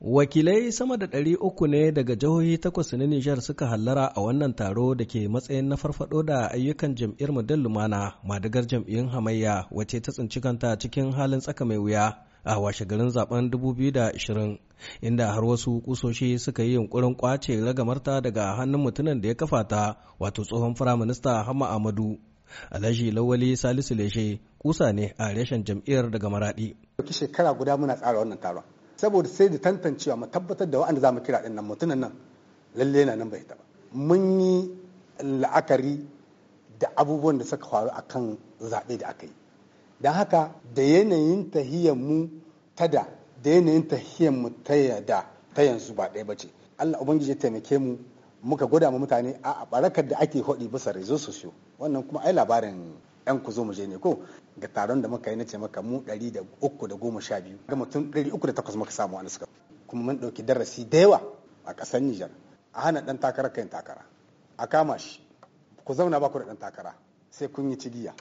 Wakilai sama da ɗari uku ne daga jihohi takwas na Nijar suka hallara a wannan taro da ke matsayin na farfado da ayyukan jam'iyyar Dan Lumana, madagar jam'iyyun hamayya wace ta tsinci kanta cikin halin tsaka mai wuya a washe garin zaben 2020, inda har wasu kusoshi suka yi yunkurin kwace ragamarta daga hannun mutumin da ya kafa ta wato tsohon firaminista Hamma Ahmadu. Alhaji Lawali Salisu Leshe kusa ne a reshen jam'iyyar daga Maradi. Shekara guda muna tsara wannan taron. saboda sai da tantancewa mu tabbatar da wa'anda za mu kira dinnan mutunan nan lalle na nan bai ta mun yi la'akari da abubuwan da suka faru a kan zaɓe da aka yi don haka da yanayin tahiyar mu ta da da yanayin tahiyar mu ta yada ta yanzu ba ɗaya ba ce Allah ubangiji ya taimake mu muka gwada mu mutane a barakar da ake hodi bisa rezo sosiyo wannan kuma ai labarin 'yan ku zo mu je ne ko ga taron da muka yi na ce maka mu 312 ga mutum 308 muka samu wani suka kuma mun ɗauki darasi da yawa a ƙasar Nijar a hana ɗan takara kayan takara a kama shi ku zauna ba ku da ɗan takara sai kun yi cigiya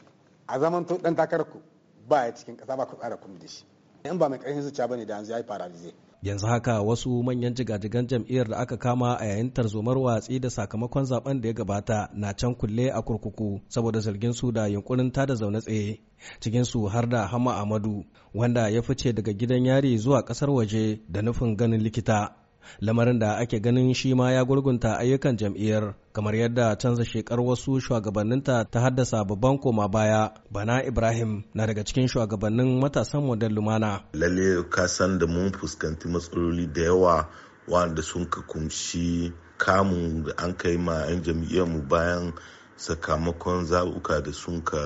a zaman to ɗan takarar ku ba ya cikin ƙasa ba ku tsara kun da shi in ba mai ƙarfin zuciya bane da yanzu ya yi paralize yanzu haka wasu manyan jigajigan jam'iyyar da aka kama a yayin tarzomar watsi da sakamakon zaben da ya gabata na can kulle a kurkuku saboda zargin su da yunkurin tada zaune tsaye cikin su har da hama amadu wanda ya fice daga gidan yari zuwa kasar waje da nufin ganin likita lamarin da ake ganin shi ma ya gurgunta ayyukan jam'iyyar kamar yadda canza shekar wasu shugabanninta ta haddasa babban koma baya bana ibrahim na daga cikin shugabannin matasan model lumana lalle ka san da mun fuskanci matsaloli da yawa wanda sun ka kumshi kamun da an kai ma 'yan jam'iyyar mu bayan sakamakon zabuka da sun ka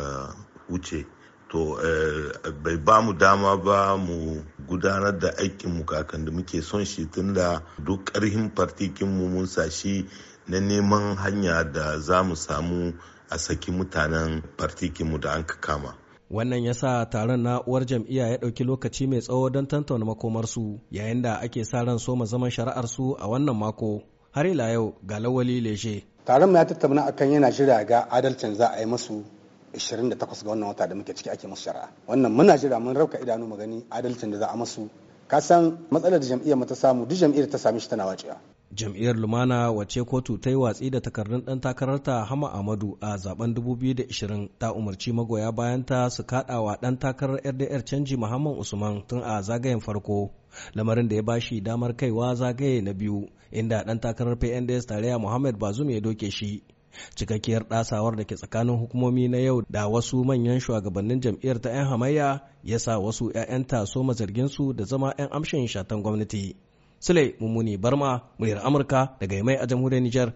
wuce to eh, bai ba mu dama ba mu gudanar da aikin mu kakan da muke son shi tun da duk ƙarhin fartikin mu mun sashi na neman hanya da za mu samu a saki mutanen fartikin mu da an kama. wannan yasa sa taron na'uwar jam'iyya ya ɗauki lokaci mai tsawo don tantauna makomarsu yayin da ake sa ran soma zaman shari'arsu a wannan mako har ila yau ga lawali leshe taron ya tattauna akan yana shirya ga adalcin za a yi masu 28 ga wannan wata da muke ciki ake musu shari'a wannan muna jira mun rauka idanu mu gani adalcin da za a masu ka san matsalar da jam'iyyar mu ta samu duk jam'iyyar ta sami shi tana wacewa jam'iyyar lumana wace kotu ta yi watsi da takardun dan takararta hama amadu a zaben 2020 ta umarci magoya bayanta su kaɗawa dan takarar rdr canji muhammad usman tun a zagayen farko lamarin da ya bashi damar kaiwa zagaye na biyu inda dan takarar pnds tarayya muhammad bazum ya doke shi cikakkiyar ɗasawar da ke tsakanin hukumomi na yau da wasu manyan shugabannin jam'iyyar ta 'yan hamayya ya sa wasu 'ya'yanta soma su da zama 'yan amshin shatan gwamnati sule mummuni barma muryar amurka daga mai a jamhuriyar nijar